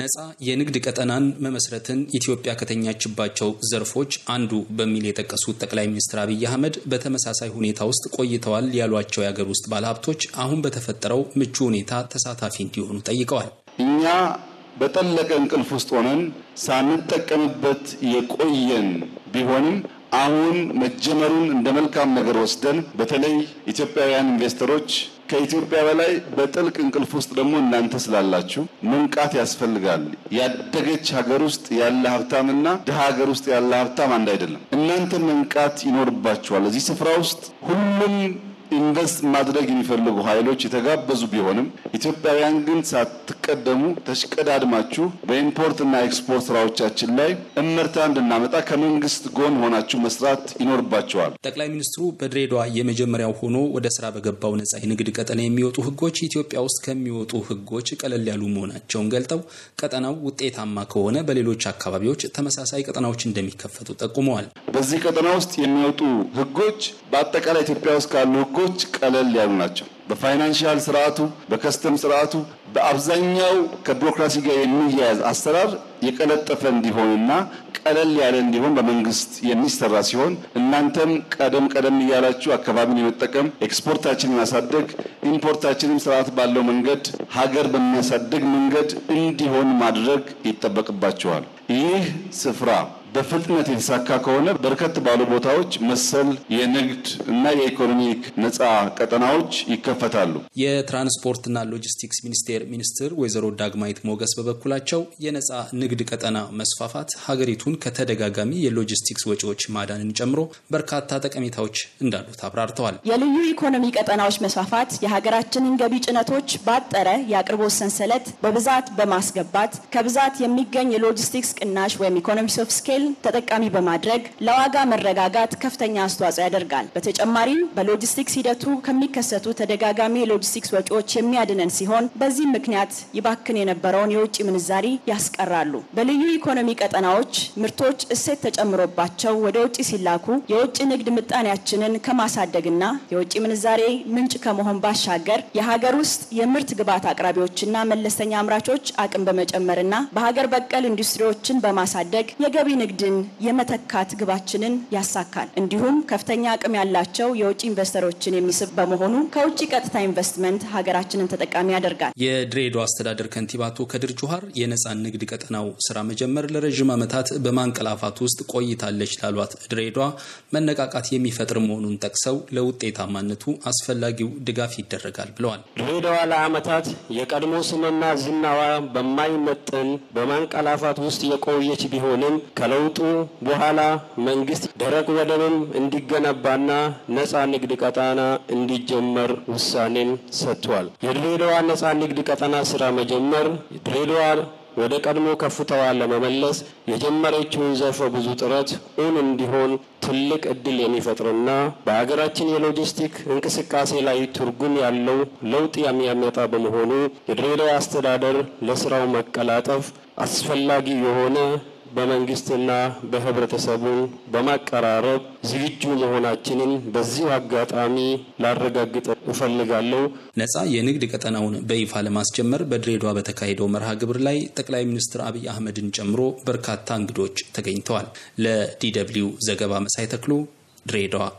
ነፃ የንግድ ቀጠናን መመስረትን ኢትዮጵያ ከተኛችባቸው ዘርፎች አንዱ በሚል የጠቀሱት ጠቅላይ ሚኒስትር አብይ አህመድ በተመሳሳይ ሁኔታ ውስጥ ቆይተዋል ያሏቸው የአገር ውስጥ ባለሀብቶች አሁን በተፈጠረው ምቹ ሁኔታ ተሳታፊ እንዲሆኑ ጠይቀዋል። እኛ በጠለቀ እንቅልፍ ውስጥ ሆነን ሳንጠቀምበት የቆየን ቢሆንም አሁን መጀመሩን እንደ መልካም ነገር ወስደን በተለይ ኢትዮጵያውያን ኢንቨስተሮች ከኢትዮጵያ በላይ በጥልቅ እንቅልፍ ውስጥ ደግሞ እናንተ ስላላችሁ መንቃት ያስፈልጋል። ያደገች ሀገር ውስጥ ያለ ሀብታምና ድሀ ሀገር ውስጥ ያለ ሀብታም አንድ አይደለም። እናንተ መንቃት ይኖርባችኋል። እዚህ ስፍራ ውስጥ ሁሉም ኢንቨስት ማድረግ የሚፈልጉ ኃይሎች የተጋበዙ ቢሆንም ኢትዮጵያውያን ግን ሳት ሳትቀደሙ ተሽቀዳድማችሁ በኢምፖርትና ኤክስፖርት ስራዎቻችን ላይ እምርታ እንድናመጣ ከመንግስት ጎን ሆናችሁ መስራት ይኖርባቸዋል። ጠቅላይ ሚኒስትሩ በድሬዳዋ የመጀመሪያው ሆኖ ወደ ስራ በገባው ነጻ የንግድ ቀጠና የሚወጡ ህጎች ኢትዮጵያ ውስጥ ከሚወጡ ህጎች ቀለል ያሉ መሆናቸውን ገልጠው ቀጠናው ውጤታማ ከሆነ በሌሎች አካባቢዎች ተመሳሳይ ቀጠናዎች እንደሚከፈቱ ጠቁመዋል። በዚህ ቀጠና ውስጥ የሚወጡ ህጎች በአጠቃላይ ኢትዮጵያ ውስጥ ካሉ ህጎች ቀለል ያሉ ናቸው። በፋይናንሽል ስርዓቱ፣ በከስተም ስርዓቱ በአብዛኛው ከቢሮክራሲ ጋር የሚያያዝ አሰራር የቀለጠፈ እንዲሆንና ቀለል ያለ እንዲሆን በመንግስት የሚሰራ ሲሆን እናንተም ቀደም ቀደም እያላችሁ አካባቢን የመጠቀም ኤክስፖርታችንን ማሳደግ ኢምፖርታችንም ስርዓት ባለው መንገድ ሀገር በሚያሳድግ መንገድ እንዲሆን ማድረግ ይጠበቅባቸዋል። ይህ ስፍራ በፍጥነት የተሳካ ከሆነ በርከት ባሉ ቦታዎች መሰል የንግድ እና የኢኮኖሚ ነፃ ቀጠናዎች ይከፈታሉ። የትራንስፖርትና ሎጂስቲክስ ሚኒስቴር ሚኒስትር ወይዘሮ ዳግማዊት ሞገስ በበኩላቸው የነፃ ንግድ ቀጠና መስፋፋት ሀገሪቱን ከተደጋጋሚ የሎጂስቲክስ ወጪዎች ማዳንን ጨምሮ በርካታ ጠቀሜታዎች እንዳሉት አብራርተዋል። የልዩ ኢኮኖሚ ቀጠናዎች መስፋፋት የሀገራችንን ገቢ ጭነቶች ባጠረ የአቅርቦት ሰንሰለት በብዛት በማስገባት ከብዛት የሚገኝ የሎጂስቲክስ ቅናሽ ወይም ኢኮኖሚስ ኦፍ ስኬል ተጠቃሚ በማድረግ ለዋጋ መረጋጋት ከፍተኛ አስተዋጽኦ ያደርጋል። በተጨማሪም በሎጂስቲክስ ሂደቱ ከሚከሰቱ ተደጋጋሚ የሎጂስቲክስ ወጪዎች የሚያድነን ሲሆን በዚህ ምክንያት ይባክን የነበረውን የውጭ ምንዛሪ ያስቀራሉ። በልዩ ኢኮኖሚ ቀጠናዎች ምርቶች እሴት ተጨምሮባቸው ወደ ውጭ ሲላኩ የውጭ ንግድ ምጣኔያችንን ከማሳደግና የውጭ ምንዛሬ ምንጭ ከመሆን ባሻገር የሀገር ውስጥ የምርት ግብዓት አቅራቢዎችና መለስተኛ አምራቾች አቅም በመጨመርና በሀገር በቀል ኢንዱስትሪዎችን በማሳደግ የገቢ ንግድ ንግድን የመተካት ግባችንን ያሳካል። እንዲሁም ከፍተኛ አቅም ያላቸው የውጭ ኢንቨስተሮችን የሚስብ በመሆኑ ከውጭ ቀጥታ ኢንቨስትመንት ሀገራችንን ተጠቃሚ ያደርጋል። የድሬዳዋ አስተዳደር ከንቲባ አቶ ከድር ጁሃር የነፃ ንግድ ቀጠናው ስራ መጀመር ለረዥም ዓመታት በማንቀላፋት ውስጥ ቆይታለች ላሏት ድሬዳዋ መነቃቃት የሚፈጥር መሆኑን ጠቅሰው ለውጤታማነቱ አስፈላጊው ድጋፍ ይደረጋል ብለዋል። ድሬዳዋ ለዓመታት የቀድሞ ስምና ዝናዋ በማይመጥን በማንቀላፋት ውስጥ የቆየች ቢሆንም ከለ ከለውጡ በኋላ መንግስት ደረቅ ወደብም እንዲገነባና ነጻ ንግድ ቀጠና እንዲጀመር ውሳኔን ሰጥቷል። የድሬዳዋ ነጻ ንግድ ቀጠና ስራ መጀመር ድሬዳዋ ወደ ቀድሞ ከፍታዋ ለመመለስ የጀመረችውን ዘርፈ ብዙ ጥረት እውን እንዲሆን ትልቅ እድል የሚፈጥርና በሀገራችን የሎጂስቲክ እንቅስቃሴ ላይ ትርጉም ያለው ለውጥ የሚያመጣ በመሆኑ የድሬዳዋ አስተዳደር ለስራው መቀላጠፍ አስፈላጊ የሆነ በመንግስትና በህብረተሰቡን በማቀራረብ ዝግጁ መሆናችንን በዚሁ አጋጣሚ ላረጋግጥ እፈልጋለሁ። ነፃ የንግድ ቀጠናውን በይፋ ለማስጀመር በድሬዳዋ በተካሄደው መርሃ ግብር ላይ ጠቅላይ ሚኒስትር አብይ አህመድን ጨምሮ በርካታ እንግዶች ተገኝተዋል። ለዲ ዘገባ መሳይ ተክሉ ድሬዳዋ